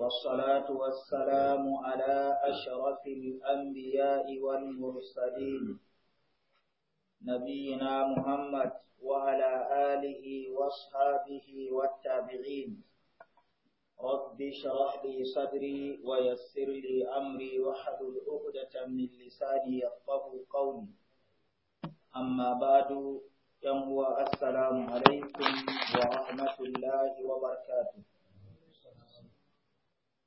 والصلاة والسلام على أشرف الأنبياء والمرسلين نبينا محمد وعلى آله وصحابه والتابعين رب اشرح لي صدري ويسر لي أمري واحلل عقدة من لساني يفقه قولي أما بعد يوم السلام عليكم ورحمة الله وبركاته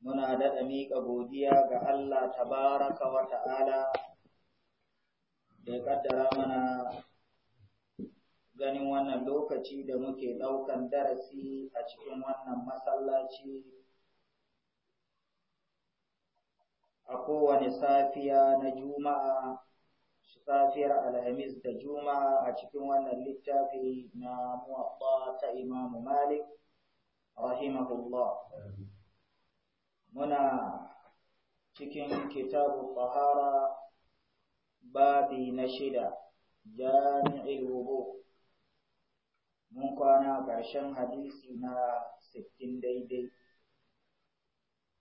muna daɗa miƙa godiya ga Allah tabaraka wa ta'ala da ya ƙaddara mana ganin wannan lokaci da muke ɗaukan darasi a cikin wannan masallaci a kowane safiya na juma'a safiyar alhamis da juma'a a cikin wannan littafi na muwaɓɓa ta imamu malik rahimahullah. muna cikin kitabu fahara babi na shida jami'il wudu mun kwana ƙarshen hadisi na sittin daidai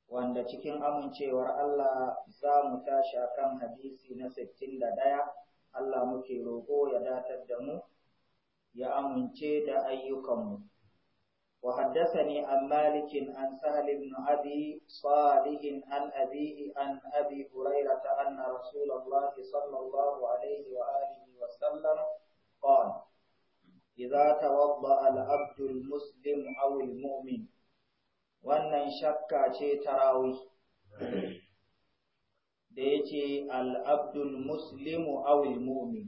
wanda cikin amincewar Allah za mu tashi kan hadisi na sittin da ɗaya Allah muke roƙo ya datar da mu ya amince da ayyukanmu وحدثني عن مالك عن سهل بن أبي صالح عن أبيه عن أبي هريرة أن رسول الله صلى الله عليه وآله وسلم قال إذا توضأ العبد المسلم أو المؤمن wannan shakka ce tarawi da ya ce al'abdul muslimu awil mu'min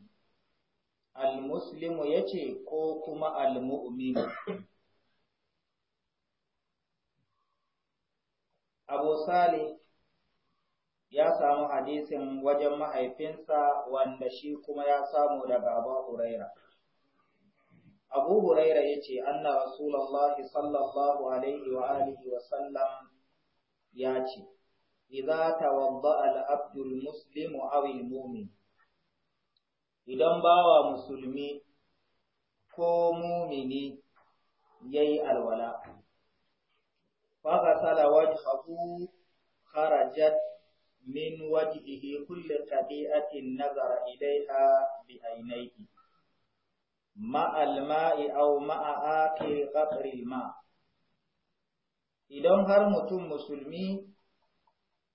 al-muslimu ya ce ko kuma al-mu'minu Abu Salih ya samu hadisin wajen mahaifinsa wanda shi kuma ya samu da baba Huraira. Abu Huraira ya ce, Anna Rasulallah sallallahu Alaihi wa alihi wa sallam ya ce, Iza tawadda al'abdul muslimu awil mumin, idan bawa musulmi ko mumini ya yi alwala. min وجهه خرجت من وجهه كل خطيئة نظر إليها بعينيه مع الماء au مع آخر قطر الماء idan har mutum musulmi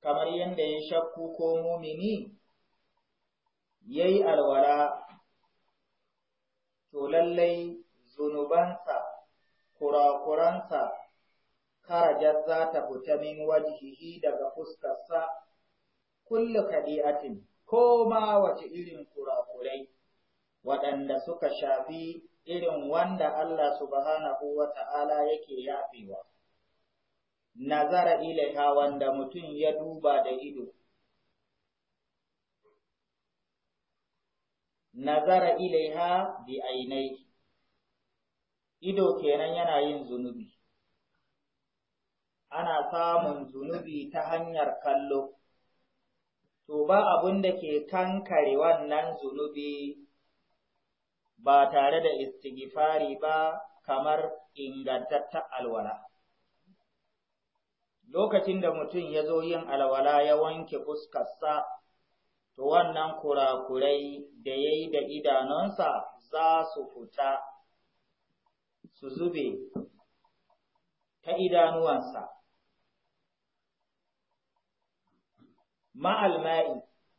kamar yadda ya shakku ko mumini ya yi alwara. to lallai zunubansa kurakuransa kharajat za ta fita min wajhihi daga fuskarsa kullu kadi'atin ko ma wace irin kurakurai waɗanda suka shafi irin wanda Allah subhanahu wa ta'ala yake yafewa. Nazara ilaiha wanda mutum ya duba da ido. Nazara ilaiha bi ainai, ido kenan yana yin zunubi. ana samun zunubi ta hanyar kallo, to ba abin da ke kankare wannan zunubi ba tare da istighfari ba kamar ta alwala. Lokacin da mutum ya zo yin alwala ya wanke fuskarsa, to wannan kurakurai da ya yi da idanunsa za su fita, su zube ta idanuwansa. ma'al ma'i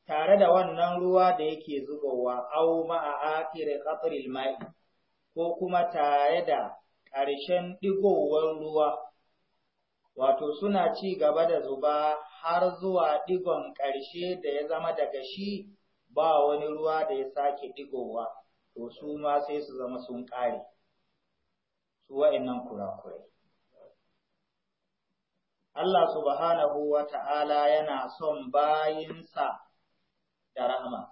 tare da wannan ruwa da yake zubowa au ma'a akiri qatril ma'i ko kuma tare da ƙarshen digowar ruwa wato suna ci gaba da zuba har zuwa ɗigon ƙarshe da ya zama daga shi ba wani ruwa da ya sake ɗigowa, to su ma sai su zama sun ƙare su wa'annan kurakurai Allah subhanahu wa ta'ala yana son bayinsa da rahama.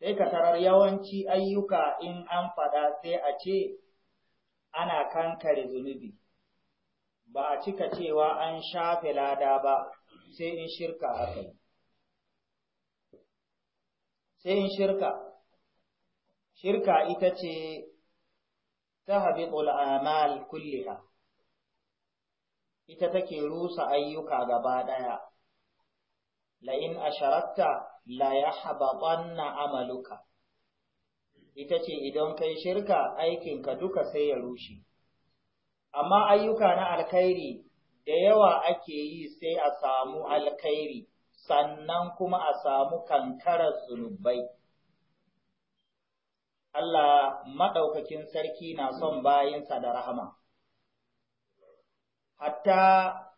Sai ka tarar yawanci ayyuka in an faɗa sai a ce ana kankare zunubi, ba a cika cewa an shafe lada ba sai in shirka aka Sai in shirka, shirka ita ce ta habi amal kulliha. ita take rusa ayyuka gaba ɗaya. La'in a sharakta la ya haɓaɓanna amaluka, ita ce idan kai shirka aikinka duka sai ya rushe. Amma ayyuka na alkhairi da yawa ake yi sai a samu alkhairi, sannan kuma a samu kankarar zunubai. Allah maɗaukakin sarki na son bayinsa da rahama. hatta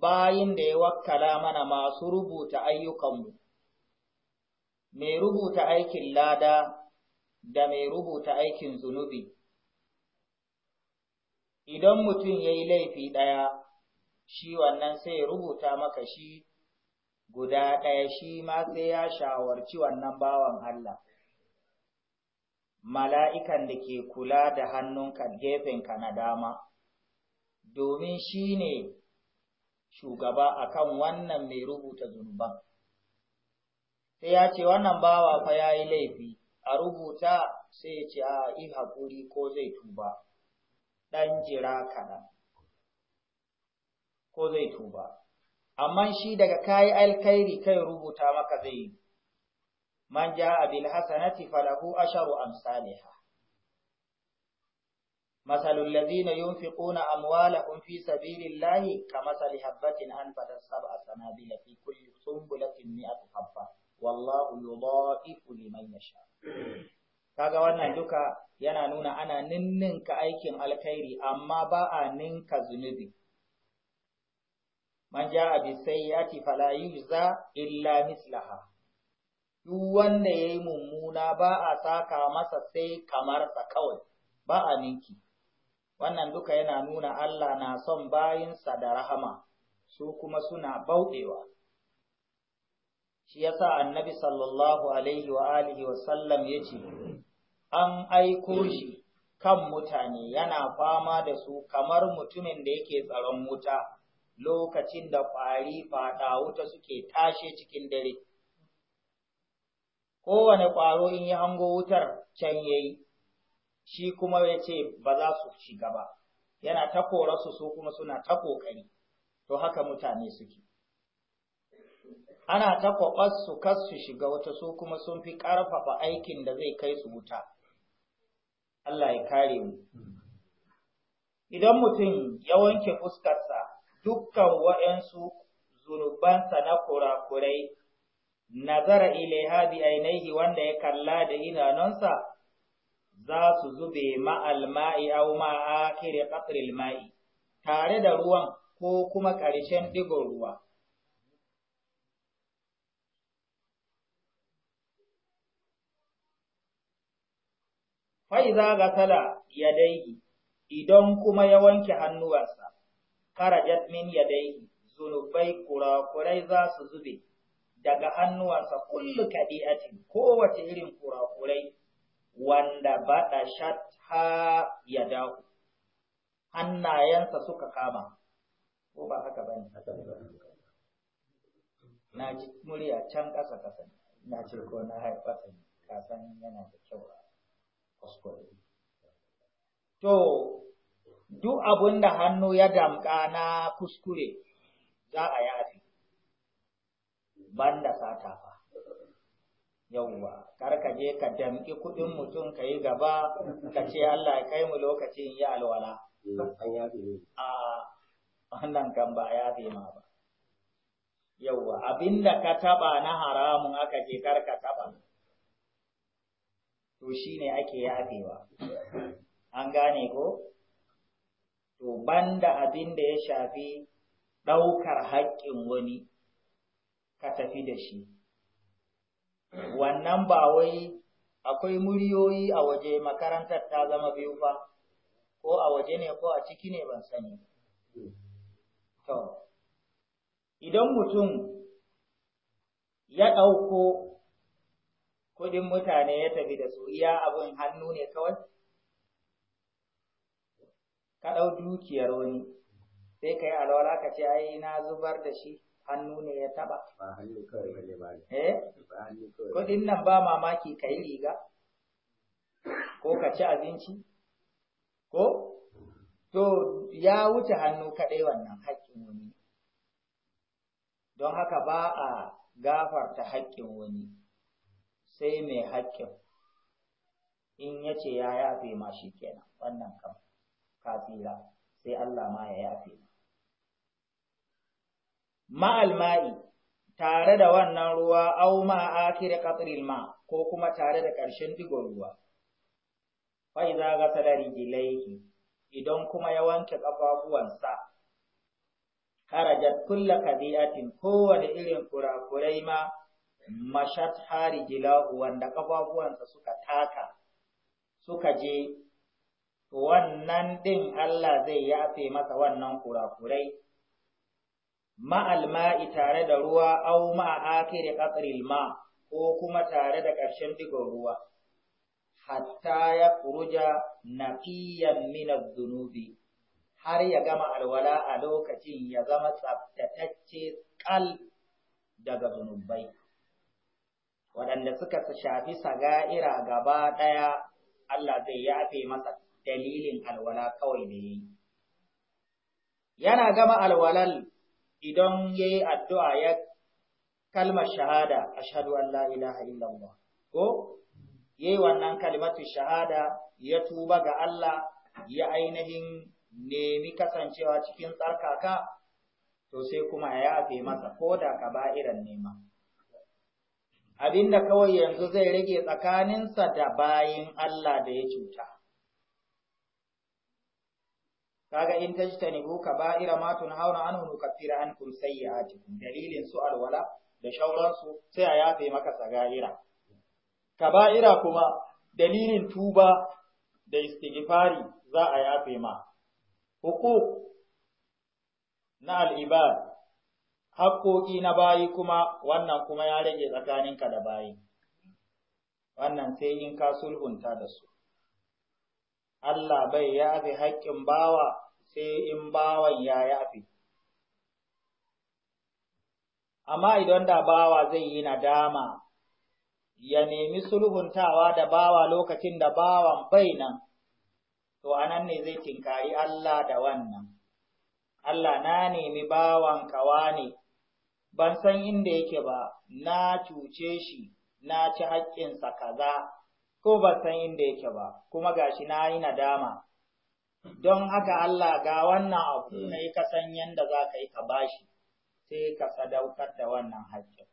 bayin da ya wakkala mana masu rubuta ayyukanmu, mai rubuta aikin lada da mai rubuta aikin zunubi. Idan mutum ya yi laifi ɗaya, shi wannan sai rubuta maka shi guda ɗaya shi ma sai ya shawarci wannan bawan Allah. Mala'ikan da ke kula da hannunka gefenka na dama. domin shi ne shugaba akan wannan mai rubuta zunuban. Sai ya ce wannan bawa fa ya yi laifi, a rubuta sai ya ce a yi haƙuri ko zai tuba, ɗan jira kaɗan, ko zai tuba. Amma shi daga kayi alkairi kai rubuta maka zai yi, man ja abil hasanati falahu asharu amsaliha. مثل الذين ينفقون أموالهم في سبيل الله كمثل حبة أنفتت سبع سنابل في كل سنبلة مئة حبة والله يضاعف لمن يشاء kaga wannan duka yana nuna ana ninninka aikin alkhairi amma ba a ninka zunubi man ja'a bi sayyi'ati fala yujza illa mislaha duk wanda yayi mummuna ba a saka masa sai kamar sa kawai ba a ninki wannan duka yana nuna Allah na son bayinsa da rahama su kuma suna bauɗewa shi yasa annabi sallallahu alaihi wa alihi wa sallam yace an aiko shi kan mutane yana fama da su kamar mutumin da yake tsaron wuta lokacin da ƙwari faɗa wuta suke tashe cikin dare kowane ƙwaro in ya hango wutar can yayi shi kuma ya ce ba za su shiga ba yana ta korarsu su kuma suna ta ƙoƙari to haka mutane suke ana ta su kas su shiga wata su kuma sun fi ƙarfafa aikin da zai kai su wuta Allah ya kare mu idan mutum ya wanke fuskarsa dukkan wa'yansu zunubansa na kurakurai nazara ilaiha bi ainihi wanda ya kalla da idanunsa za su zube ma'al ma'i au ma'a kere ma'i, tare da ruwan ko kuma ƙarshen ɗigon ruwa. Faiza ga tala ya daigi, idan kuma ya wanke hannuwarsa, kara jadmin ya daigi, zunubai kurakurai za su zube daga hannuwarsa kullu kadi'atin kowace irin kurakurai. wanda baɗa shatta ya dawo, hannayensa suka kama, ko ba haka ba Na ji murya can ƙasa ƙasa, na ce ko na da kasan yana da kyau a kuskure. To, duk abin da hannu ya damƙa na kuskure za a yafi, banda sata fa. yawwa kar ka je ka damƙi kuɗin mutum ka yi gaba ka ce Allah ya kai mu lokacin ya alwala a wannan kan ba ya fi ma ba yawwa abinda ka taba na haramun aka je kar ka taba to shine ake yafewa an gane ko to banda abinda ya shafi ɗaukar haƙƙin wani ka tafi da shi wannan ba wai akwai muryoyi a waje makarantar ta zama biyu ba, ko a waje ne ko a ciki ne ban sani to idan mutum ya ɗauko kuɗin mutane ya tafi da su iya abin hannu ne kawai ka ɗau dukiyar wani sai ka yi alwala ka ce ai na zubar da shi hannu ne ya taba ba hannu kawai bane ba eh ba hannu nan ba mamaki kai riga ko ka ci abinci ko to ya wuce hannu kaɗai wannan haƙƙin wani don haka ba a gafarta haƙƙin wani sai mai haƙƙin in ya ce ya yafe ma shi kenan wannan kam ka sai Allah ma ya yafe ma ma'al ma'i tare da wannan ruwa au ma akhir qatril ma ko kuma tare da ƙarshen digon ruwa fa idza ghasala rijlaihi idan kuma ya wanke kafafuwansa kharajat kullu qadi'atin kowane irin kurakurai ma mashat harijilahu wanda kafafuwansa suka taka suka je wannan ɗin Allah zai yafe masa wannan kurakurai ma'al ma'i tare da ruwa au ma'a akiri qatril ma ko kuma tare da ƙarshen digon ruwa hatta ya kuruja nafiyan fiyan adh-dhunubi har ya gama alwala a lokacin ya zama tsaftatacce ƙal daga zunubai waɗanda suka shafi saga'ira gaba ɗaya Allah zai yafe masa dalilin alwala kawai ne yana gama alwalal idan ya yi addu'a ya kalmar shahada a shaɗu Allah ilaha illallah, ko ya yi wannan kalmatu shahada ya tuba ga Allah ya ainihin nemi kasancewa cikin tsarkaka, to sai kuma ya yafe masa ko da ka irin nema. Abinda kawai yanzu zai rage tsakaninsa da bayin Allah da ya cuta. kaga in tajtanibu kaba'ira ma tunhauna anhu an ankum sayyi'atikum dalilin su alwala da shauransu sai a yafe maka sagaira kaba'ira kuma dalilin tuba da istighfari za a yafe ma huquq na al'ibad haƙoƙi na bayi kuma wannan kuma ya rage tsakaninka da bayi wannan sai in ka sulhunta da su Allah bai yafe haƙƙin bawa sai in bawan ya yafe. Amma idan da bawa zai yi nadama, ya nemi sulhuntawa da bawa lokacin da bawan bai nan, to anan ne zai tinkari Allah da wannan. Allah na nemi bawan kawa ne, ban san inda yake ba, na cuce shi, na ci haƙƙinsa kaza. ko ba san inda yake ba kuma gashi na yi nadama don haka Allah ga wannan abu hmm. na yi kasan yadda za ka yi ka bashi sai ka sadaukar da wannan haƙƙin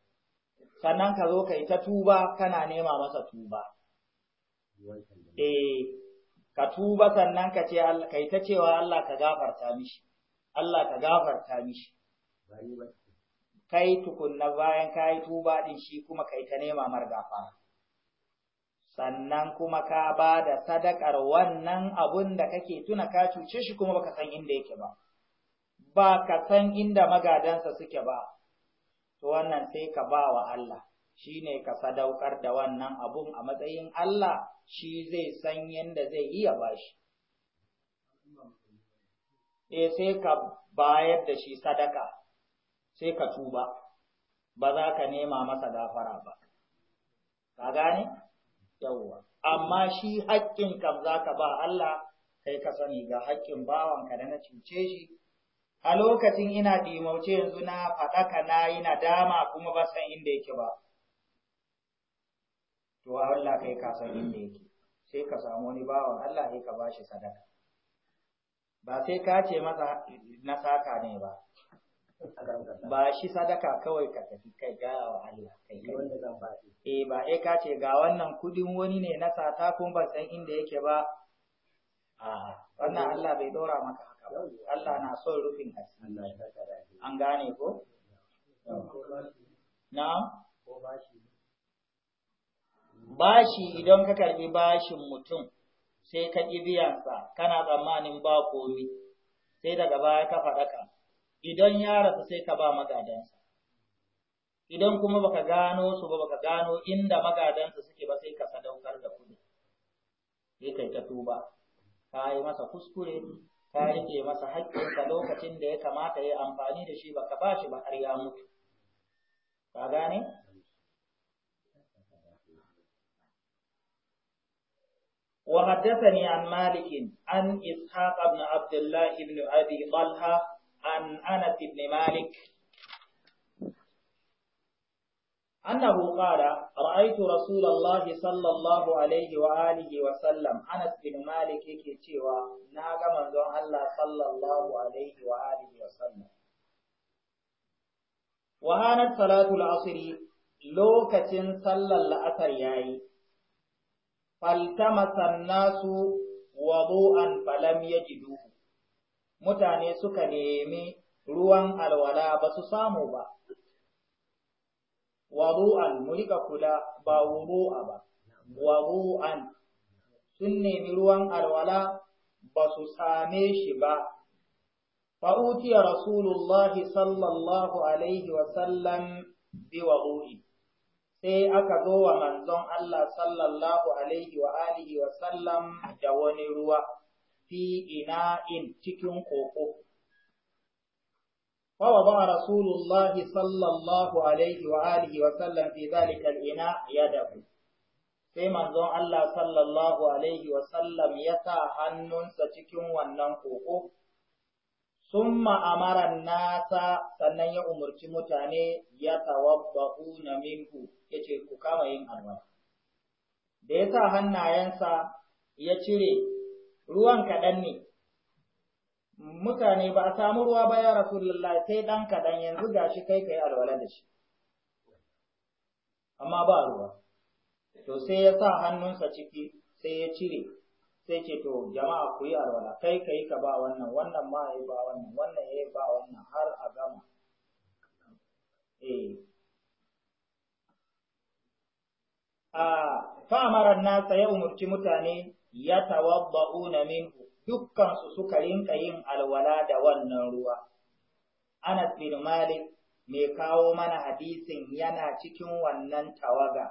sannan ka zo ka yi ta tuba kana nema masa tuba eh ka tuba sannan ka ce ka yi ta cewa Allah ka gafarta mishi Allah ka gafarta mishi kai tukunna bayan ka yi tuba din shi kuma kai ta nema margafa. sannan kuma ka ba da sadakar wannan abun da kake tuna ka cuce shi kuma baka san inda yake ba ba ka san inda magadansa suke ba to wannan sai ka ba wa Allah shine ka sadaukar da wannan abun a matsayin Allah shi zai san yanda zai iya bashi E, eh, sai ka bayar da shi sadaka sai ka tuba ba za ka nema masa gafara ba ka gane yawwa amma shi haƙƙin kam ka ba Allah kai ka sani ga haƙƙin bawanka da na cuce shi a lokacin ina ɗimauce yanzu na faɗaka na yi nadama kuma ba san inda yake ba to Allah kai ka san inda yake sai ka samu wani bawan Allah sai ka bashi sadaka ba sai ka ce masa na saka ne ba ba shi sadaka kawai ka tafi kai gaya Allah kai kai wanda zan faɗi eh ba eh ka ce ga wannan kudin wani ne na sata kuma ban san inda yake ba a wannan Allah bai dora maka haka ba Allah na son rufin asiri an gane ko na bashi idan ka karbi bashin mutum sai ka ƙi biyansa kana tsammanin ba komi sai daga baya ka faɗa idan ya rasu sai ka ba magadansa idan kuma baka gano su ba baka gano inda magadansa suke ba sai ka sadaukar da kudi sai kai ta tuba ka yi masa kuskure ka ke masa haƙƙinsa lokacin da ya kamata ya amfani da shi baka ba shi ba har ya mutu ka gane وحدثني عن مالك عن إسحاق بن عبد الله بن أبي طلحة an Anas ibn Malik annahu qala ra'aytu rasulullahi sallallahu alaihi wa alihi wa sallam Anas ibn Malik yake cewa na ga manzon Allah sallallahu alaihi wa alihi wa sallam wa hanat salatul asr lokacin sallar la'asar yayi faltamasa nasu wadu'an falam yajiduhu mutane suka nemi ruwan alwala ba su samu ba. Waru'an, mu kula ba wuru'a ba, waru'an sun nemi ruwan alwala ba su same shi ba. فأوتي رسول الله صلى الله عليه وسلم بوضوء sai aka zo wa manzon Allah sallallahu alaihi wa wa sallam da wani ruwa fi ina'in cikin koko. ba فوضع sallallahu alaihi wa alihi wa sallam fi zalikar ina ya dafu, sai manzon Allah sallallahu alaihi wa sallam ya sa hannunsa cikin wannan koko sun ma’amaran nasa sannan ya umarci mutane ya tawabbahu na ya ce ku kama yin alwala da ya sa hannayensa ya cire ruwan kaɗan ne mutane ba a samu ruwa ba ya rasulullahi sai ɗan kaɗan yanzu gashi kai kai alwala da shi amma ba ruwa to sai ya sa hannunsa ciki sai ya cire sai ce to jama'a ku yi alwala kai kai ka ba wannan wannan ma ya ba wannan wannan ya ba wannan har a gama eh a fa amara nasa ya umurci mutane yatawadda'una min dukkan su suka rinka yin alwala da wannan ruwa Anas bin Malik mai kawo mana hadisin yana cikin wannan tawaga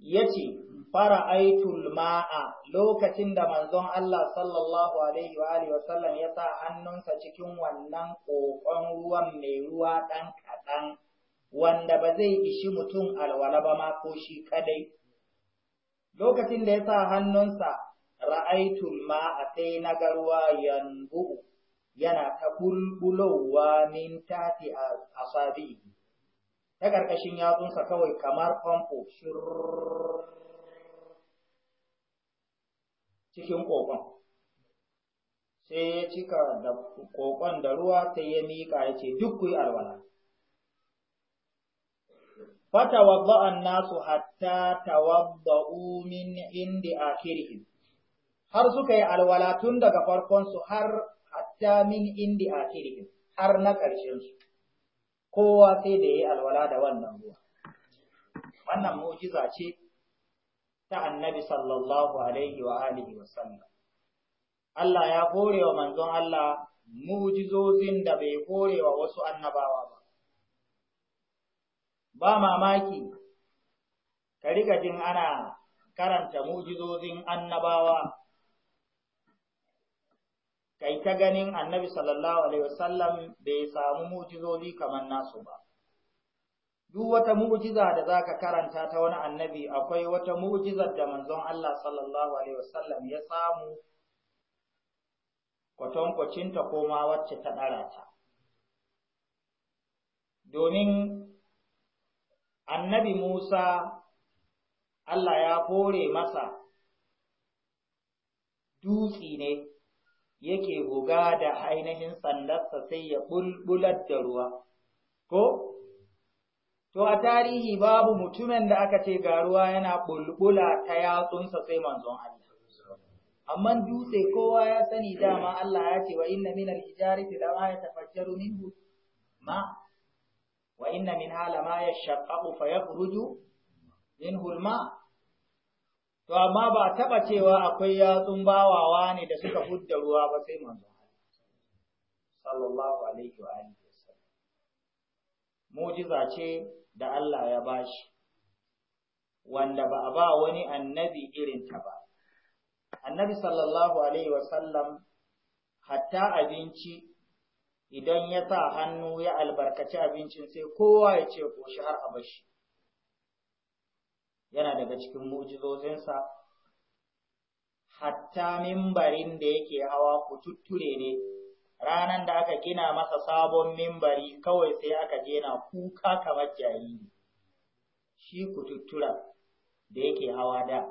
yace fara'aitul ma'a lokacin da manzon Allah sallallahu alaihi wa alihi wasallam ya sa hannunsa cikin wannan kokon ruwan mai ruwa dan kadan wanda ba zai ishi mutum alwala ba ma ko shi kadai lokacin da ya sa hannunsa ra'aitul a sai na garuwa yanzu yana ta bulbulowa min tafi a sabi ta ƙarƙashin yatsunsa kawai kamar famfo cikin ƙoƙon sai ya cika da ƙoƙon da ruwa sai ya miƙa ya ce duk kuyi alwala fata wa nasu hatta hatta tawadda'u min indi akhirihim har suka yi alwala tun daga farkon su har hatta min indi akhirihim har na ƙarshen su kowa sai da yi alwala da wannan ruwa wannan mu'jiza ce ta annabi sallallahu alaihi wa alihi wa Allah ya kore wa manzon Allah mu'jizozin da bai kore wa wasu annabawa ba ba mamaki ka riga jin ana karanta mujizozin annabawa kai ta ganin annabi sallallahu alaihi wasallam bai samu mujizozi kamar nasu ba duk wata mujiza da zaka karanta ta wani annabi akwai wata mujizar da manzon Allah sallallahu alaihi wasallam ya samu kwatankwacin ta koma wacce ta dara domin annabi Musa Allah ya fore masa dutsi ne yake buga da ainihin sandarsa sai ya bulbular da ruwa, ko? To a tarihi babu mutumin da aka ce ga ruwa yana bulbula ta yatsunsa sai manzon Allah. Amman dutse kowa ya sani dama Allah ya ce wa inna min al dama ya ma min minhu ma wa inna min hala ma yashaqqaqu fayakhruju in hulma to amma ba taba cewa akwai yatsun bawawa ne da suka hudda ruwa ba sai manzo sallallahu alaihi wa alihi wasallam mu'jiza ce da Allah ya bashi wanda ba a ba wani annabi irin ta ba annabi sallallahu alaihi wasallam hatta abinci idan ya sa hannu ya albarkaci abincin sai kowa ya ce ko shi har a bashi yana daga cikin mu'jizozinsa hatta mimbarin da yake hawa kututture ne ranar da aka gina masa sabon mimbari kawai sai aka gina kuka kamar jariri shi kututtura da yake hawa da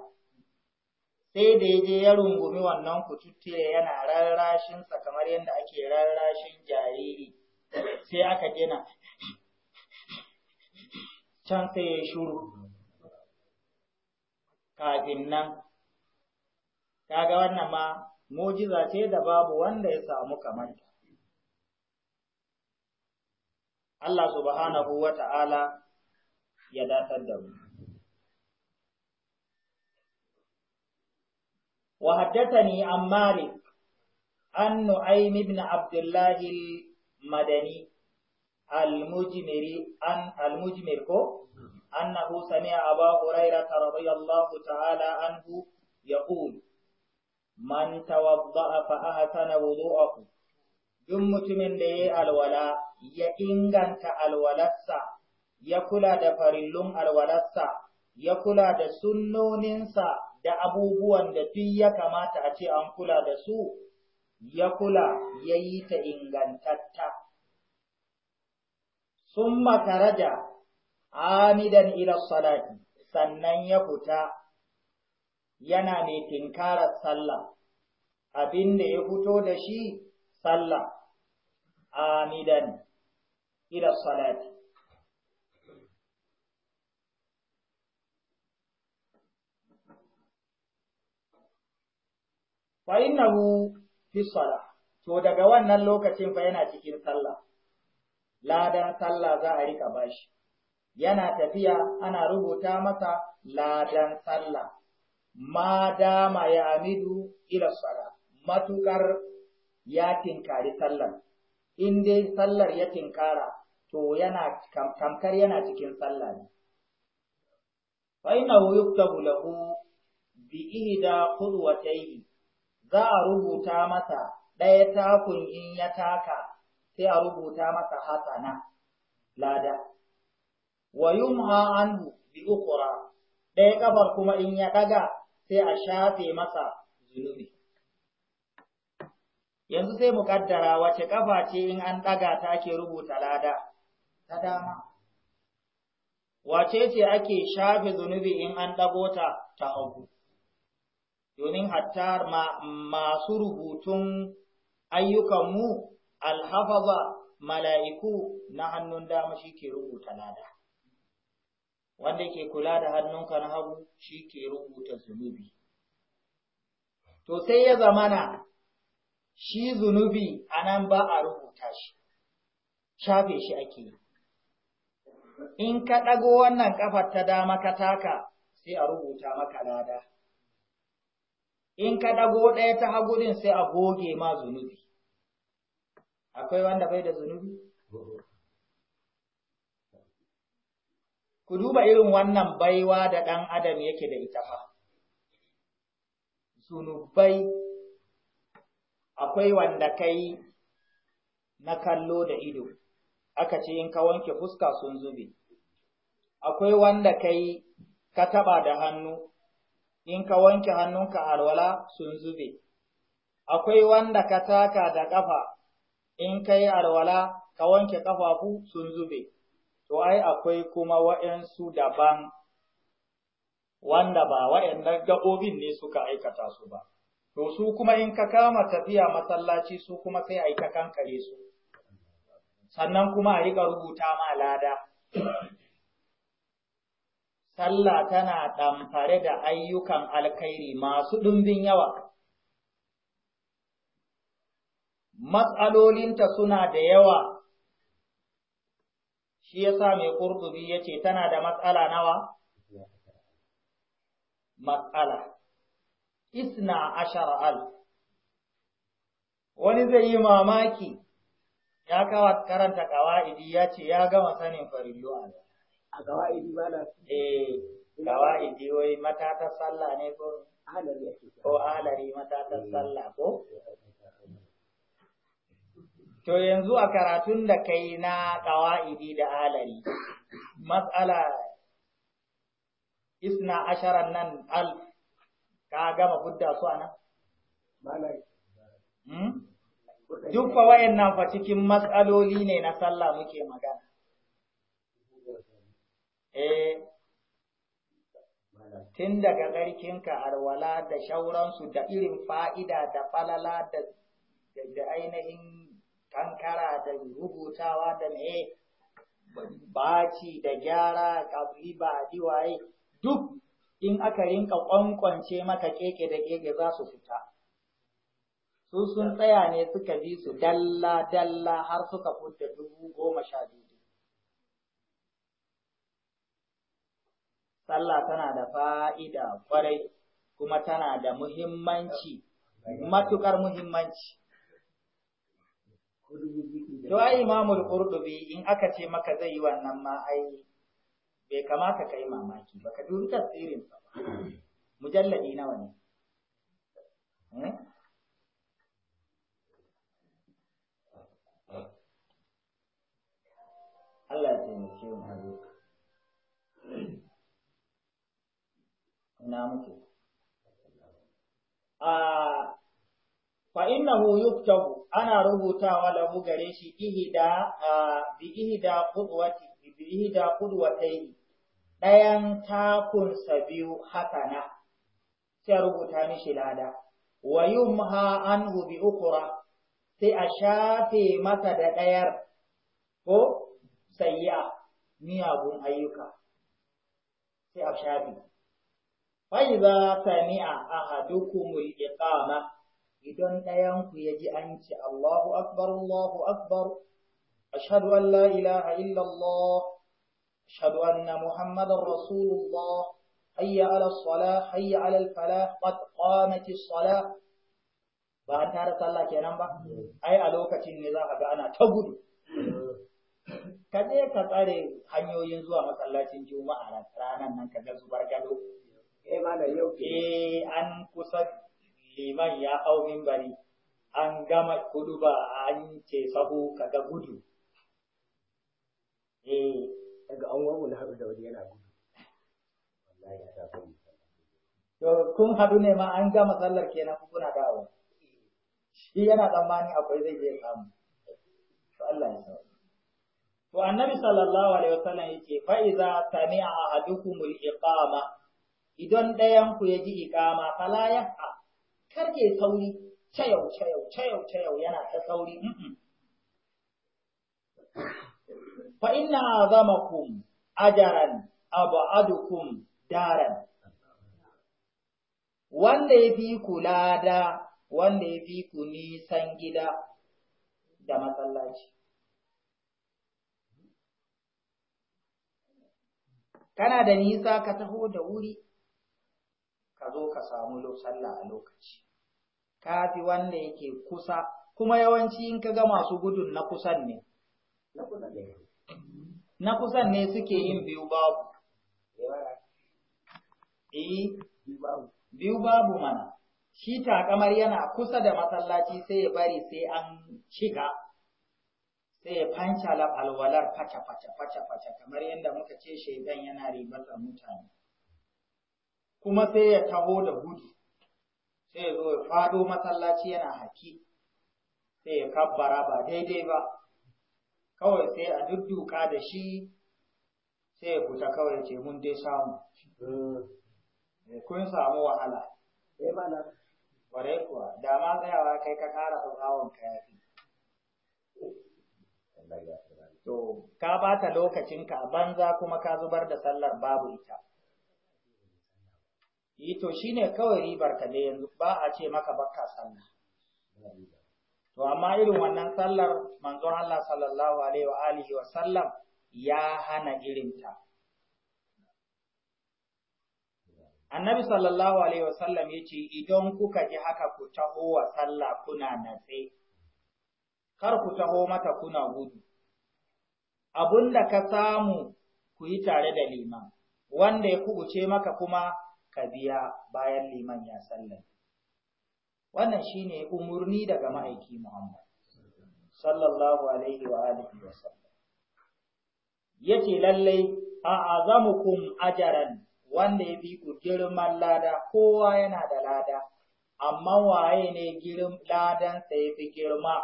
sai da ya je ya rungumi wannan kututture yana rarrashinsa kamar yadda ake rarrashin jariri sai aka gina. can sai ya shuru kafin nan kaga wannan ma mujiza ce da babu wanda ya samu kamanta Allah subhanahu wata'ala ta'ala ya datar da mu. Wa haddatani an Malik, an ibn Abdullahi madani al-Mujmiri, an ko? أنه سمع أبا هريرة رضي الله تعالى عنه يقول من توضأ فأحسن وضوءه duk mutumin da ya yi alwala ya inganta alwalarsa ya kula da farillun alwalarsa ya kula da sunnoninsa da abubuwan da duk ya kamata a ce an kula da su ya kula ya yi ta ingantatta sun makaraja amidan ila salati sannan ya fita yana mai tinkarar sallah abin da ya fito da shi sallah amidan ila salati fa innahu fi salah to daga wannan lokacin fa yana cikin sallah ladan sallah za a rika bashi yana tafiya ana rubuta masa ladan sallah ma dama ya amidu ila sala matukar ya tinkari sallar in dai sallar ya tinkara to yana kamkar yana cikin sallah ne fa innahu yuktabu lahu bi ihda qudwatayhi za a rubuta masa ɗaya takun in ya taka sai a rubuta masa hasana lada wa yumha anhu bi ukura ɗaya ƙafar kuma in ya ɗaga sai a shafe masa zunubi yanzu sai mu kaddara wace kafa ce in an ɗaga ta ake rubuta lada ta dama wace ce ake shafe zunubi in an ɗago ta ta hagu domin hatta masu rubutun ayyukanmu alhafaza mala'iku na hannun dama shi ke rubuta lada wanda ke kula da hannunka na hagu shi ke rubuta zunubi. To sai ya zamana shi zunubi a nan ba a rubuta shi, shafe shi ake yi. In ka ɗago wannan ƙafar ta dama ka taka sai a rubuta maka lada. In ka ɗago ɗaya ta hagu din sai a goge ma zunubi. Akwai wanda bai da zunubi? Ku duba irin wannan baiwa da ɗan adam yake da ita fa. Zunubai akwai wanda kai na kallo da ido, aka ce in ka wanke fuska sun zube. Akwai wanda kai ka taɓa da hannu, in ka wanke hannunka alwala sun zube. Akwai wanda ka taka da ƙafa, in ka yi alwala ka wanke ƙafafu sun zube. to ai akwai kuma waɗansu daban wanda ba waɗannan gaɓoɓin ne suka aikata su ba. To su kuma in ka kama tafiya masallaci su kuma sai a yi ta kankare su, sannan kuma a riƙa rubuta ma lada. Sallah tana ɗamfare da ayyukan alkhairi masu ɗumbin yawa. Matsalolinta suna da yawa shi yasa mai ya yace tana da matsala nawa matsala isna ashar al wani zai yi mamaki ya kawo karanta kawa'idi ya ce ya gama sanin farillu a a kawa'idi ba na eh kawa'idi wai matatar sallah ne ko ko alari matatar sallah ko eh. To yanzu a karatun da kai na ƙawa'idi da alari, matsala isna asharar nan al? ka gama hudda su ana? Hmm? Duk fa wayan nan fa cikin matsaloli ne na sallah muke magana. Eh, tun daga ka arwala da shauransu da irin fa'ida da falala da ainihin kankara da rubutawa da me baci da gyara kabli ba diwaye duk in aka rinka kwankwance maka keke da keke za su fita su sun tsaya ne suka bi su dalla dalla har suka fita dubu goma sha biyu sallah tana da fa'ida kwarai kuma tana da muhimmanci matukar muhimmanci To ai Imamul qurdubi in aka ce maka zai yi wannan ma ai bai kamata kai mamaki ba ka duri tafsirin sa hmm. mujalladi nawa ne hmm? Allah ya taimake mu ina muke Ah fa hu yuktabu ana rubutawa lahu gare shi ihida bi ihida qudwati bi ihida qudwatayn dayan takun sabiu hakana sai rubuta shi lada wa yumha anhu bi ukhra sai a shafe masa da dayar ko sayya miyagun ayyuka sai a shafe fa idza sami'a ahadukum al-iqama idan ɗayanku ya ji an ce Allahu Akbar, Allahu Akbar, ashadu an la ilaha illallah, ashadu anna Muhammadan Rasulullah, hayya ala sala, hayya ala fala, qad qamati sala. Ba an tara sallah kenan ba? Ai a lokacin ne za ka ga ana ta gudu. Ka je ka tsare hanyoyin zuwa masallacin Juma'a ranar nan ka ga zubar gado. Eh, eh an kusa liman ya hau mimbari an gama kudu ba an ce sahu kaga gudu eh daga an wawula haɗu da wani yana gudu wallahi ya ta to kun haɗu ne ma an gama sallar kenan ku kuna dawo shi yana tsammani akwai zai je samu to Allah ya sauke to annabi sallallahu alaihi wasallam yake fa iza sami'a ahadukum al-iqama idan dayan ku yaji iqama fala yahqa kar ke sauri cayau cayau cayau cayau yana ta sauri fa inna azamakum ajaran abadukum daran wanda ya fi ku lada wanda ya fi ku nisan gida da masallaci kana da nisa ka taho da wuri ka zo ka samu sallah a lokaci ka fi wanda yake kusa kuma yawanci in ka ga masu gudun na kusan ne na kusan ne suke yin biyu babu eh biyu babu mana shi ta kamar yana kusa da masallaci sai ya bari sai an shiga sai ya fanca alwalar fata fata fata fata kamar yadda muka ce shaidan yana ribar mutane kuma sai ya taho da gudu sai ya zo ya fado masallaci yana haki sai ya kabbara ba daidai ba kawai sai a dudduka da shi sai ya fita kawai ce mun dai samu hmm. eh, kun samu wahala eh, kwarai kuwa da ma tsayawa kai ka kara tsawon kayafi to ka bata lokacinka a banza kuma ka zubar da sallar babu ita yi eh, to shine kawai ribar ka dai yanzu ba a ce maka baka sallah to amma irin wannan sallar manzon Allah sallallahu alaihi wa alihi wa sallam ya hana irinta Annabi sallallahu alaihi wa sallam ya ce, idan kuka ji haka ku taho wa sallah kuna natse kar ku taho mata kuna gudu abunda ka samu ku yi tare da liman wanda ya kuguce maka kuma ka biya bayan liman ya sallame wannan shine umurni daga ma'aiki Muhammad sallallahu alaihi wa alihi wa sallam yace lalle a azamukum ajaran wanda ya bi ku girman lada kowa yana da lada amma waye ne girin ladan sa fi girma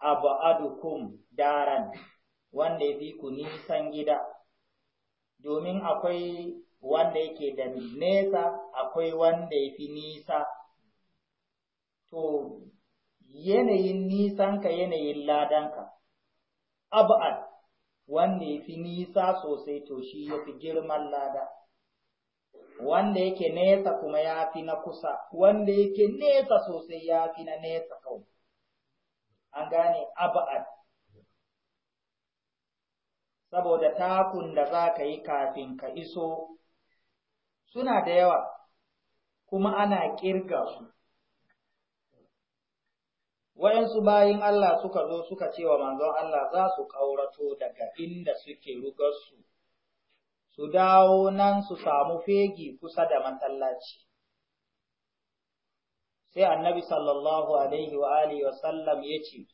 abadukum daran wanda ya bi ku nisan gida domin akwai wanda yake da nesa akwai wanda ya fi nisa to yanayin nisanka yanayin ladanka ab'ad wanda ya fi nisa sosai to shi ya fi girman lada wanda yake nesa kuma ya fi na kusa wanda yake nesa sosai ya fi na nesa kawai an gane ab'ad saboda takun da za ka yi kafin ka iso suna da yawa kuma ana kirga su wayansu bayin Allah suka zo suka ce wa manzon Allah za su ƙaurato daga inda suke rugarsu su dawo nan su samu fegi kusa da masallaci sai annabi sallallahu alaihi wa alihi wasallam ya ce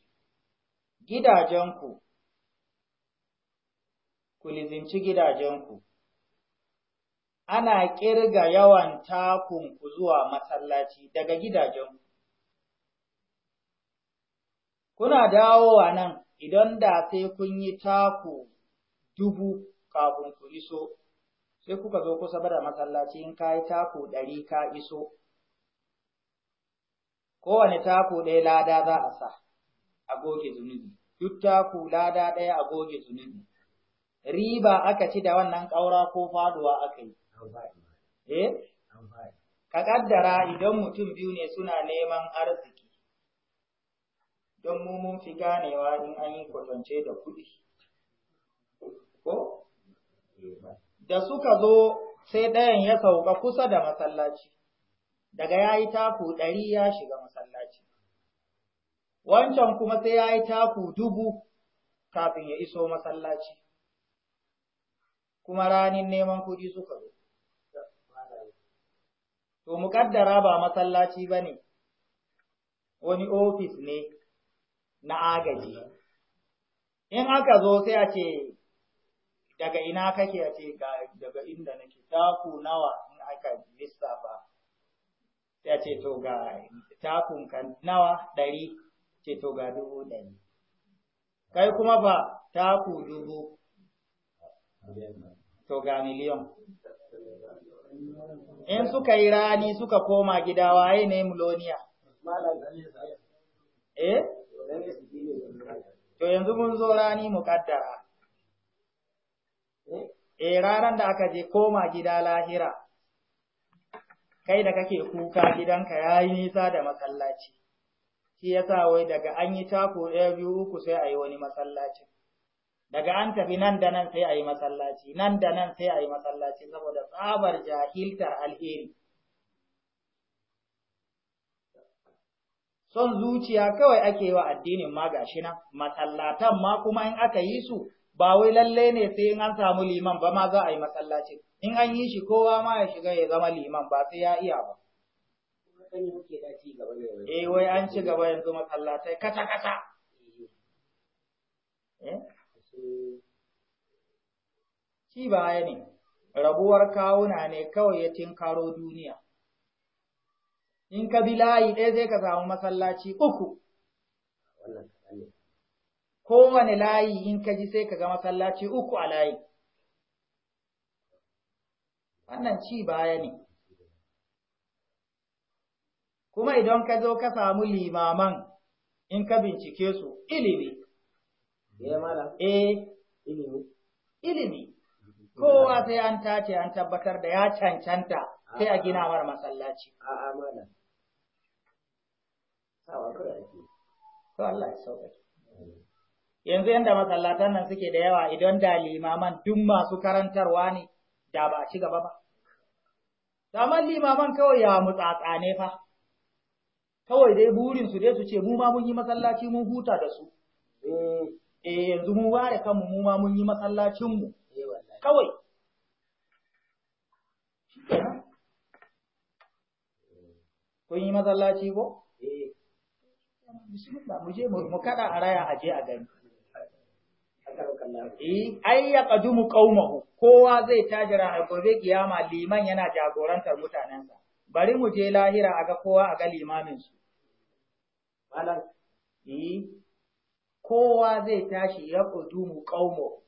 gidajenku ku lizinci gidajenku ana ƙirga yawan takun ku zuwa masallaci daga gidajen kuna dawowa nan idan da sai kun yi taku dubu kafin ku iso sai kuka zo kusa da masallaci in ka yi taku ɗari ka iso kowane taku ɗaya lada za a sa a goge zunubi duk taku lada ɗaya a goge zunubi riba aka ci da wannan ƙaura ko faduwa aka yi Eh? Ka ƙaddara idan mutum biyu ne suna neman arziki, don mu mun fi ganewa in an yi kwatance da kuɗi. Ko? Da suka zo sai ɗayan ya sauka kusa da masallaci, daga ya yi taku ɗari ya shiga masallaci. Wancan kuma sai ya yi taku dubu kafin ya iso masallaci, kuma ranin neman kuɗi suka zo. to muƙaddara ba masallaci ba ne, wani ofis ne na agaji. In aka zo sai a ce, daga ina kake a ce daga inda nake, taku nawa in aka lissafa. Sai a ce to ga takun kan nawa ɗari, ce to ga dubu ɗari. Kai kuma ba taku dubu, to ga miliyon. in suka yi rani suka koma gida waye ne Mulonia? eh to yanzu mun zo rani muƙaddara eh? eh ranar da aka je koma gida lahira kai da kake kuka gidanka yayi nisa da masallaci shi yasa wai daga an yi tako ɗaya biyu uku sai a yi wani masallacin daga an tafi nan da nan sai a yi masallaci nan da nan sai a yi masallaci saboda tsabar jahiltar alheri son zuciya kawai ake yi wa addinin ma gashi nan masallatan ma kuma in aka yi su ba wai lalle ne sai in an samu liman ba ma za a yi matsalaci. in an yi shi kowa ma ya shiga ya zama liman ba sai ya iya ba eh wai an ci gaba yanzu masallatai kata kata eh? Ci baya ne, rabuwar kawuna ne kawai ya tinkaro duniya. In ka bi layi ɗaya zai ka samu masallaci uku. Kowane layi in ka ji sai ka ga masallaci uku a layi. Wannan ci baya ne. Kuma idan ka zo ka samu limaman in ka bincike su ilimi Eh, eh, ilimi kowa sai an tace an tabbatar da ya cancanta sai a gina mara masallaci a'a mala to Allah ya sauƙaƙe yanzu yanda masallatan nan suke da yawa idan da limaman duk masu karantarwa ne da ba ci gaba ba Daman limaman kawai ya mutsatsane ne fa, kawai dai burinsu dai su ce, mu ma mun yi masallaci mun huta da su. Eh. E, yanzu mu ware kanmu mu ma mun yi masallacinmu kawai kun yi masallaci ko? eh mu je mu kada a raya aje a gani eh, ai ya kadumu qaumahu kowa zai tajira a gobe kiyama liman yana jagorantar mutanensa bari mu je lahira aga kowa aga limamin su malam eh kowa zai tashi ya mu ƙaumo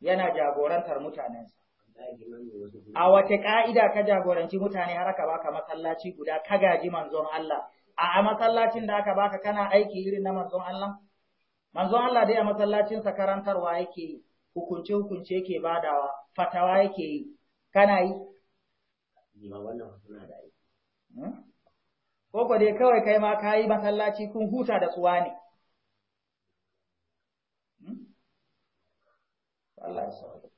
yana jagorantar mutanensa. A wace ƙa'ida ka jagoranci mutane har aka baka masallaci guda ka gaji manzon Allah, a masallacin da aka baka kana aiki irin na manzon Allah? Manzon Allah dai a masallacinsa karantarwa yake yi, hukunce-hukunce yake badawa, fatawa yake yi, kana yi? Koko hmm? dai kawai kai ma ka yi masallaci kun huta da tsuwa ne. Allah ya sauke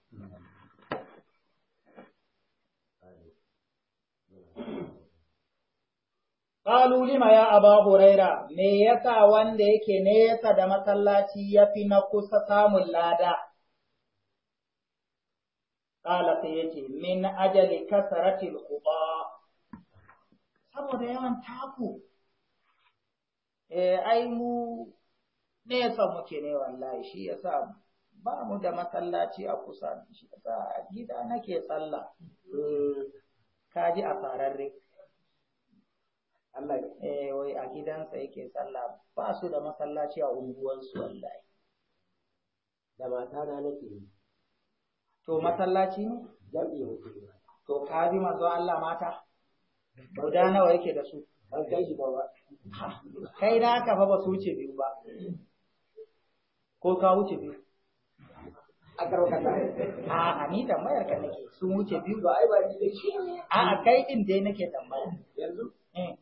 lima ya aba Huraira, me yasa wanda yake nesa da masallaci ya fi na kusa samun lada? Kala sai ya ce, min ajali kasaratil kuɓa. saboda yawan taku, eh, ai mu nesa muke ne wallahi shi ya samu. ba mu da masallaci a kusa shi a gida nake sallah eh. ji a fararre Allah eh wai a gidansa yake sallah ba su da masallaci a unguwansu wallahi da mata na nake to masallaci ne jami'i mutum to kaji manzo Allah mata bauda nawa yake da su ban kai shi ba kai na ka fa ba su wuce biyu ba ko ka wuce biyu a karkata a ni tambayar ka nake sun wuce biyu ba ai ba ni dai a kai din dai nake tambaya yanzu eh.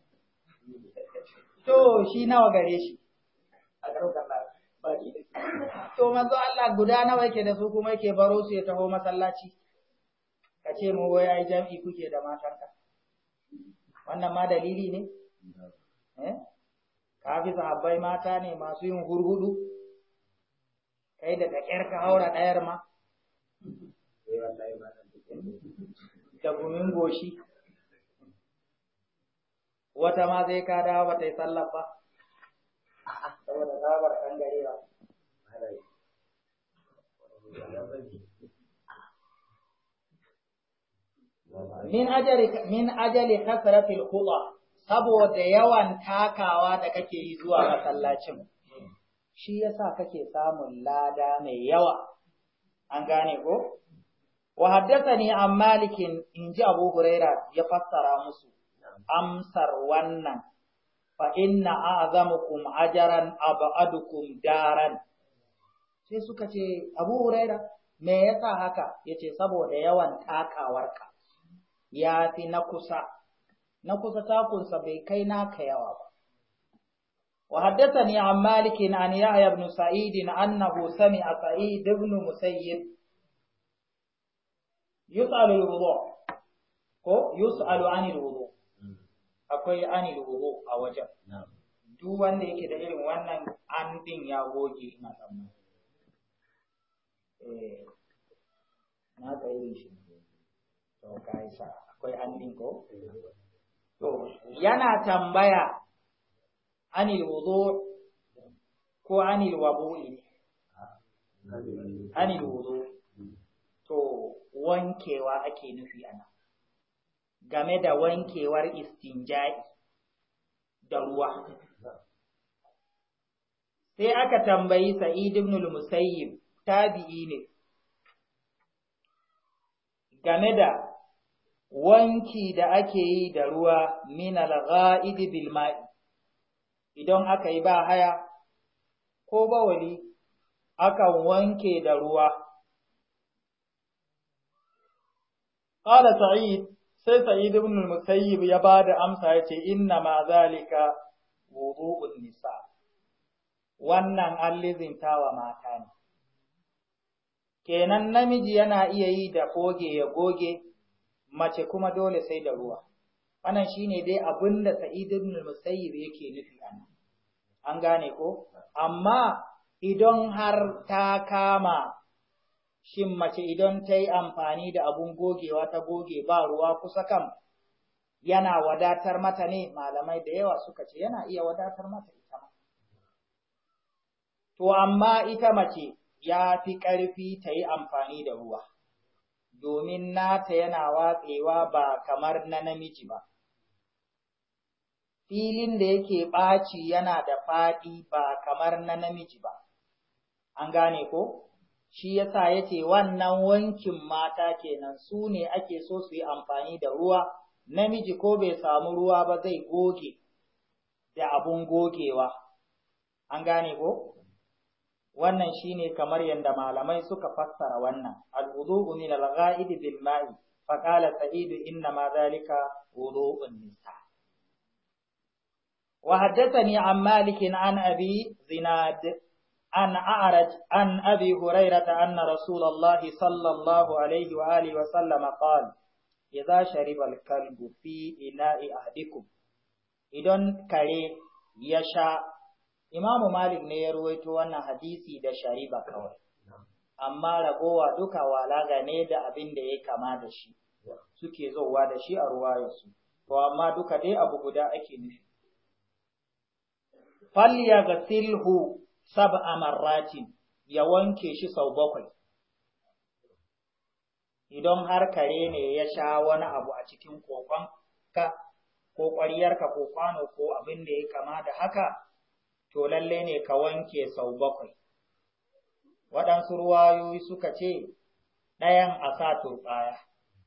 to shi nawa gare shi a karkata ba ni to manzo Allah guda nawa yake da su kuma yake baro su ya taho masallaci ka ce mu wai ai jami'i kuke da matanka wannan ma dalili ne eh ka sahabbai mata ne masu yin hurhudu kai da ƙyar ka haura ɗayar ma eh, da gumin goshi wata ma zai ka dawo ba ta yi sallar ba saboda sabar kan garewa min ajali min ajali kasratil khuda saboda yawan takawa da kake yi zuwa masallacin shi yasa kake samun lada mai yawa an gane ko wa haddathani an malikin inji abu huraira ya fassara musu amsar wannan fa inna a'zamukum ajran ab'adukum daran sai suka ce abu huraira me yasa haka yace saboda yawan takawarka ya fi na kusa na kusa takunsa bai kai naka yawa ba وحدثني عن مالك عن يحيى بن سعيد انه سمع سعيد بن مسيب يسأل الوضوء يسأل عن الوضوء akwai anil wudu a wajen duk wanda yake da irin wannan an din ya goge ina tsammani eh na ka irin shi to kai sa akwai an din ko to yana tambaya anil wudu ko anil wabu'i ne anil wudu to wankewa ake nufi ana game da wankewar istinja'i da ruwa sai aka tambayi sa'id ibn al-musayyib tabi'i ne game da wanki da ake yi da ruwa min al-gha'id bil ma'i idan aka yi ba haya ko ba wani akan wanke da ruwa. Ƙala Sa'id, sai Sa'id ibn Musayyib ya ba da amsa ya ce, Inna ma zalika wudu'un nisa, wannan an wa mata ne. Kenan namiji yana iya yi da goge ya goge, mace kuma dole sai da ruwa. wannan shine dai abinda da Sa'id ibn Musayyib yake nufi anan an gane ko amma idan har ta kama shin mace idan ta yi amfani da abun gogewa ta goge ba ruwa kusa kan yana wadatar mata ne malamai da yawa suka ce yana iya wadatar mata ita ma to amma ita mace ya fi ƙarfi ta yi amfani da ruwa domin nata yana watsewa ba kamar na namiji ba. Filin da yake ɓaci yana da faɗi ba kamar na namiji ba, an gane ko? Shi yasa ya ce wannan wankin mata kenan su ne ake so su yi amfani da ruwa, namiji ko bai samu ruwa ba zai goge da abun gogewa, an gane ko? wannan shine kamar yadda malamai suka fassara wannan al-wudu'u min al-gha'id bil ma'i fa qala sa'id inna ma dhalika wudu'un nisa wa haddathani an malik an abi zinad an a'raj an abi hurairah anna rasulullah sallallahu alaihi wa alihi wa sallam qala idza shariba al-kalbu fi ina'i ahdikum idan kare ya sha Imamu Malik ne ya ruwaito wannan hadisi da shariba kawai, amma ragowa duka walaga ne da abin da ya kama da shi, suke zowa da shi a ruwayarsu, to amma duka dai abu guda ake nufi. Falliya ga silhu sab'a amarratin ya wanke shi sau bakwai. Idan har kare ne ya sha wani abu a cikin kokon ka, ko ƙwaryarka ko kwano ko abin da ya kama da haka, to lalle ne ka wanke sau bakwai. Waɗansu ruwayoyi suka ce, ɗayan a sa turɓaya,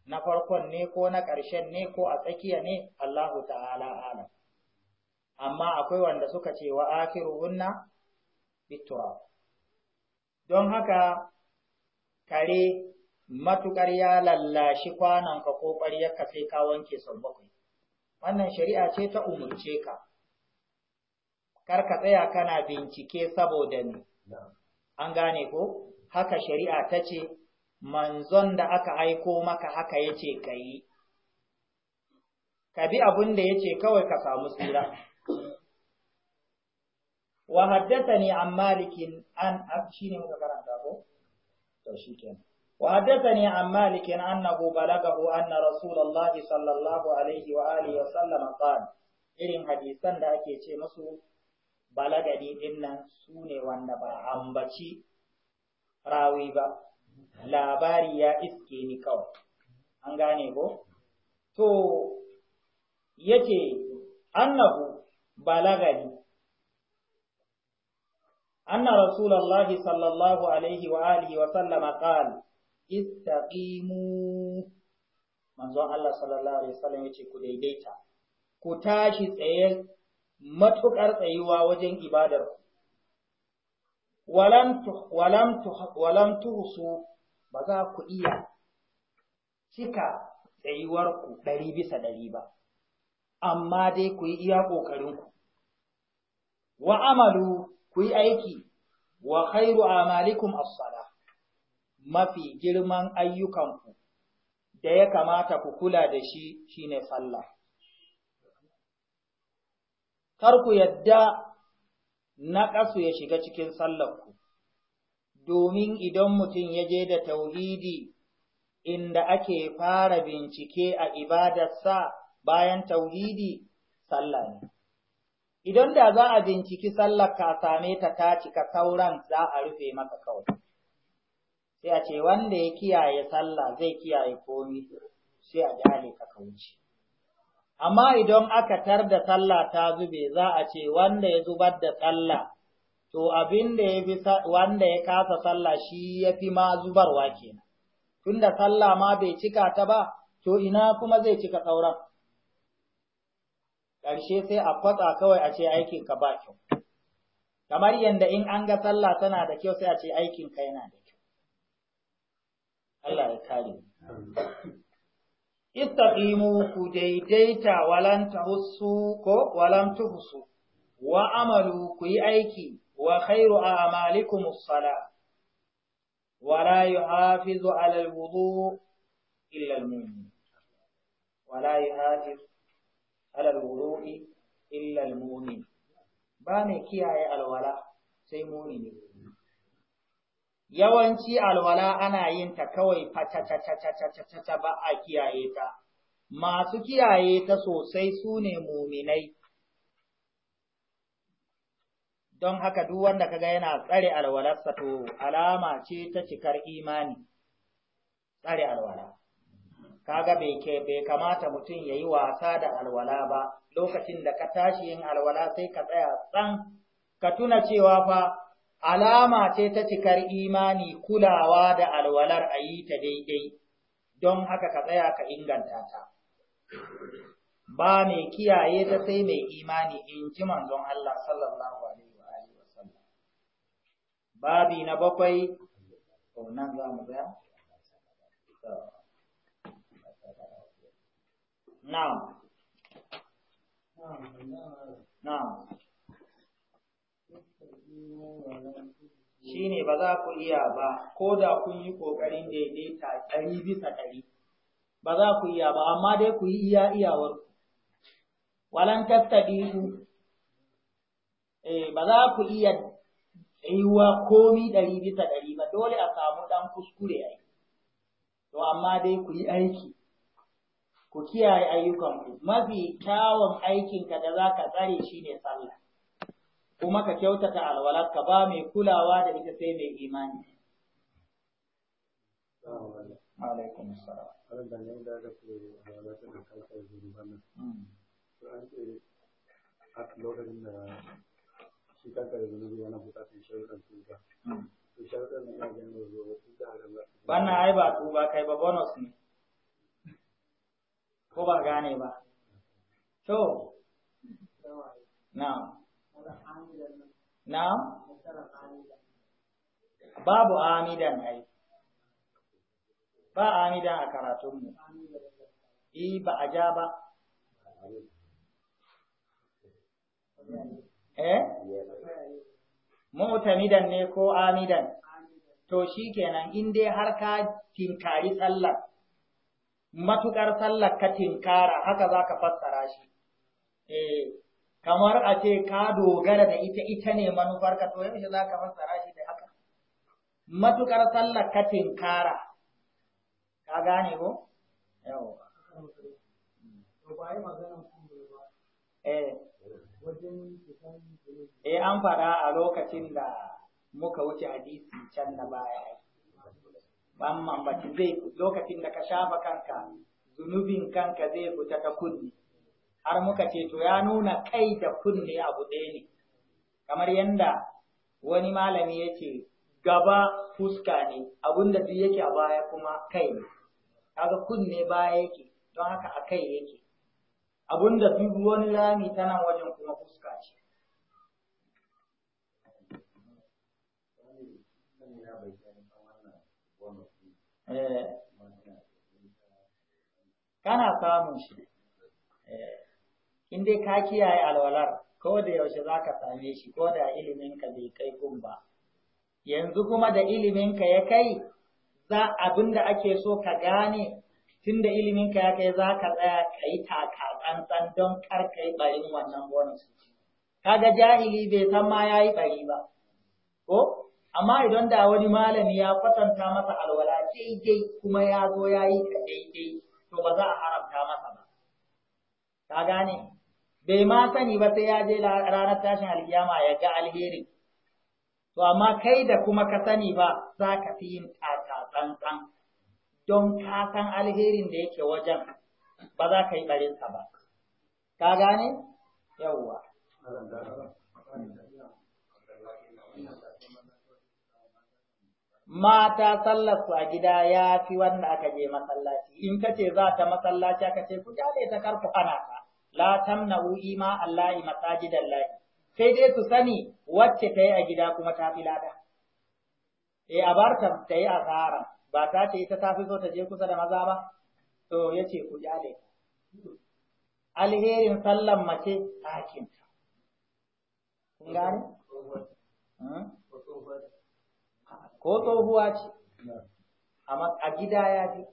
na farkon ne ko na ƙarshen ne ko a tsakiya ne Allahu ta'ala alam. Amma akwai wanda suka ce wa hunna bitura. Don haka kare matuƙar ya lallashi ka ko ƙwaryarka sai ka wanke sau bakwai. Wannan shari'a ce ta umurce ka. kar ka tsaya kana bincike saboda ni an gane ko haka shari'a ta ce manzon da aka aiko maka haka yace ka yi ka bi abin da yace kawai ka samu tsira wa haddathani an malikin an shine muka karanta ko to shikenan وحدثني عن مالك أنه بلغه أن رسول الله صلى الله عليه وآله وسلم قال إرم حديثا دا أكي تي balagadi din nan su ne wanda ba ambaci rawi ba, labari ya iske ni kawai, an gane ko? To, yake annahu balagadi, anna Rasulallah sallallahu Alaihi wa alihi wa sallama qal istaqimu manzon Allah sallallahu Alaihi wa sallam ya ce ku daidaita, ku tashi tsaye matuƙar tsayuwa wajen ibadar ku. Walam tuhusu ba za ku iya cika tsayuwar ku ɗari bisa ɗari ba, amma dai ku yi iya ƙoƙarinku. Wa amalu ku yi aiki wa khairu amalikum as-sala mafi girman ayyukanku da ya kamata ku kula da shi shine sallah. kar ku yadda na ƙasu ya shiga cikin sallarku, domin idan mutum ya je da tauhidi inda ake fara bincike a ibadarsa bayan tauhidi, sallah ne. Idan da za a binciki sallar ka same ta ta cika sauran za a rufe maka kawai. Sai a ce wanda ya kiyaye sallah zai kiyaye komi sai a jale ka kauce. amma idan aka tar da sallah ta zube za a ce wanda ya zubar da sallah to abin da ya fi wanda ya kasa sallah shi ya fi ma zubarwa kenan tunda sallah ma bai cika ta ba to ina kuma zai cika sauran ƙarshe sai a kwatsa kawai a ce aikin ka ba kyau kamar yadda in an ga sallah tana da kyau sai a ce aikin ka yana da kyau Allah ya kare istaqimu ku daidaita walan tahussu ko walam tuhsu wa amalu ku yi aiki wa khairu a'malikum as-salah wa la yuhafizu 'ala al-wudu' illa al wa la yuhafizu 'ala al illa al ba mai kiyaye alwala sai mu'mini yawanci alwala ana yin ta kawai ta ba a kiyaye ta, masu kiyaye ta sosai su ne muminai. Don haka duk wanda kaga yana tsare alwalarsa to alama ce ta cikar imani, tsare alwala. Kaga bai kamata mutum ya yi wasa da alwala ba, lokacin da ka tashi yin alwala sai ka tsaya tsan, ka tuna cewa fa alama ce ta cikar imani kulawa da alwalar a yi ta daidai don haka ka tsaya ka inganta ta ba mai kiyaye ta sai mai imani in ji manzon Allah sallallahu alaihi wa Alaihi wa sallam babi na bakwai to nan za mu ga na'am na'am shine ba za ku iya ba ko da kun yi ƙoƙarin daidaita ɗari bisa ɗari ba za ku iya ba amma dai ku yi iya iyawar walan tattaɗihu eh, ba za ku iya tsayuwa komi ɗari bisa ɗari ba dole a samu ɗan kuskure yi, to amma dai ku yi aiki ku kiyaye ayyukanku mafi kyawun aikinka da za ka tsare shine sallah kuma ka kyautata alwala ka ba mai kulawa da ita sai mai imani. Bana ai ba ku ba kai ba bonus ne, ko ba gane ba. To, na. na babu amidan ai ba amidan a karatunmu eh ba a ja ba eh mu'tamidan ne ko amidan to shi kenan in dai har ka tinkari sallar matuƙar sallar ka tinkara haka za ka fassara shi eh kamar a ce ka dogara da ita ita ne manufarka to yaushe za ka fassara shi da haka matukar sallar ka tinkara ka gane ko yau eh. eh an faɗa a lokacin da muka wuce hadisi can na baya ban mambaci zai lokacin da ka shafa kanka zunubin kanka zai fita ta kunni har muka ce to ya nuna kai da kunne abu ɗaya ne kamar yadda wani malami ya ce gaba fuska ne abinda duk yake a baya kuma kai ne kaga kunne baya yake don haka a kai yake abinda duk wani rami tana wajen kuma fuska ce eh, kana samun shi eh. in dai ka kiyaye alwalar ko da yaushe za ka same shi ko da iliminka bai kai gun ba yanzu kuma da iliminka ya kai za abin da ake so ka gane tun da iliminka ya kai za ka tsaya ka yi taka tsantsan don kar ka yi barin wannan bonus kaga jahili bai san ma ya yi bari ba ko amma idan da wani malami ya kwatanta masa alwala daidai kuma ya zo ya yi ka daidai to ba za a haramta masa ba ka gane bai ma sani ba sai ya je ranar tashin alkiyama ya ga alheri to amma kai da kuma ka sani ba za ka fi yin tsantsan don ka alherin da yake wajen ba za ka yi barinsa ba ka gane yawwa mata sallarsu a gida ya fi wanda aka je masallaci in ka ce za ta masallaci aka ce ku jale ta karku ana ka la tamna'u ima Allahi masajidallahi sai dai su sani wacce ta yi a gida kuma ta fi lada e a bar ta yi yi asara ba ta ce ita ta fi so ta je kusa da maza ba to ya ce ku kyale alherin sallan mace ɗakinta kun gane hmm? ko tsohuwa ce a gida ya fi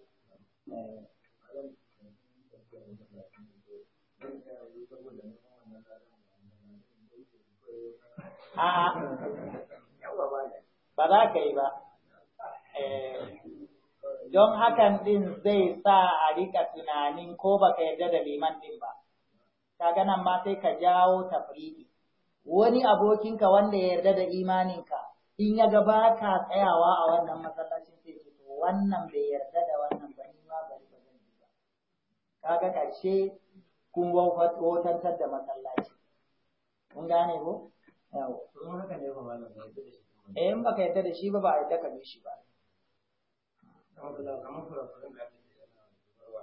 A'a, ba za ka yi ba. Eh, don hakan ɗin zai sa a riƙa tunanin ko ba ka yarda da liman ɗin ba. Ka gana ma sai ka jawo tafriki. Wani abokinka wanda ya yarda da imaninka, in ya ga ba ka tsayawa a wannan masallacin sai ce, wannan bai yarda da wannan ba, ni ma bari ba zan yi ba. Kaga ƙarshe kun wautantar da masallaci. Kun gane ko? eh baka yadda da shi ba ba a yadda ka bi shi ba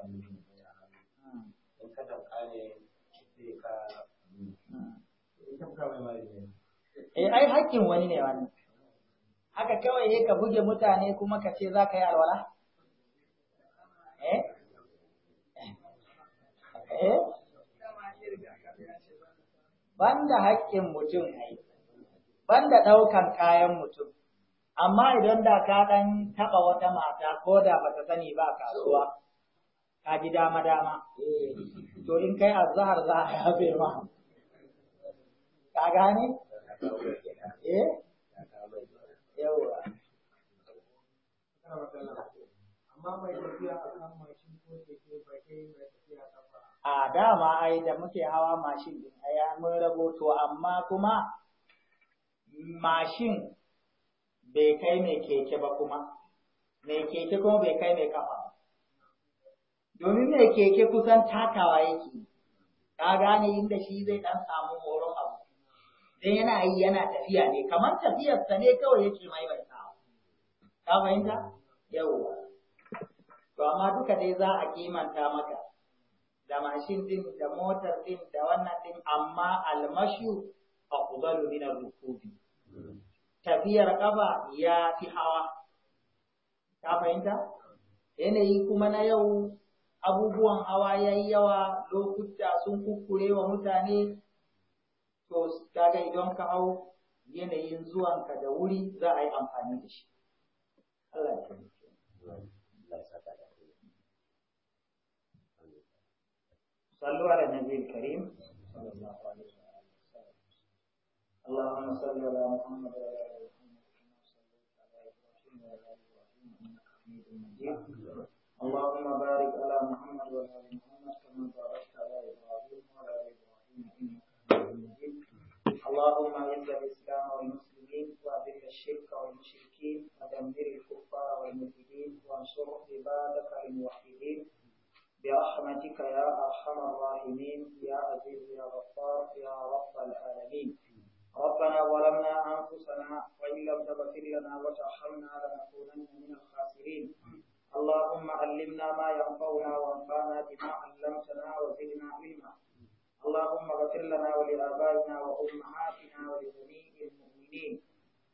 hmm. hmm. eh ai haƙƙin wani ne wani haka kawai ka buge mutane kuma ka ce za ka yi alwala eh eh banda haƙƙin mutum ai banda ɗaukan kayan mutum amma idan da ka ɗan taɓa wata mata ko da bata sani ba kasuwa ka ji dama dama to in kai azhar za a yafe ma ka gane eh yawa amma mai tafiya kan mashin ko keke ba kai mai a dama ai da muke hawa mashin din ai mun rahoto, amma kuma mashin bai kai mai keke ba kuma mai keke kuma bai kai mai kafa ba domin mai keke kusan takawa yake ka gane inda shi zai dan samu horon abu dan yana yi yana tafiya ne kamar tafiyarsa ne kawai yake mai kawo, ka fahimta yawwa to amma duka dai za a kimanta maka da mashin din da motar din da wannan din amma almashu afdalu min ar-rukubi tafiyar ƙafa ya fi hawa ka fahimta yanayi kuma na yau abubuwan hawa yayi yawa lokuta sun kukkure wa mutane to kaga idan ka hau yanayin zuwanka da wuri za a yi amfani da shi Allah ya صلوا على النبي الكريم صلى الله عليه وسلم اللهم صل على محمد وعلى آل محمد كما صليت على إبراهيم وعلى آل إبراهيم إنك حميد مجيد اللهم بارك على محمد وعلى آل محمد كما باركت على إبراهيم وعلى آل إبراهيم إنك حميد مجيد اللهم أعز الإسلام والمسلمين وأذل الشرك والمشركين ودمر الكفار والملحدين وانصر عبادك الموحدين برحمتك يا أرحم الراحمين يا عزيز يا غفار يا رب العالمين ربنا ظلمنا أنفسنا وإن لم تغفر لنا وترحمنا لنكونن من الخاسرين اللهم علمنا ما ينفعنا وانفعنا بما علمتنا وزدنا علما اللهم اغفر لنا ولآبائنا وأمهاتنا ولجميع المؤمنين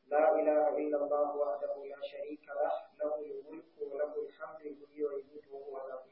لا إله إلا الله وحده لا شريك له له الملك وله الحمد يحيي ويميت وهو على كل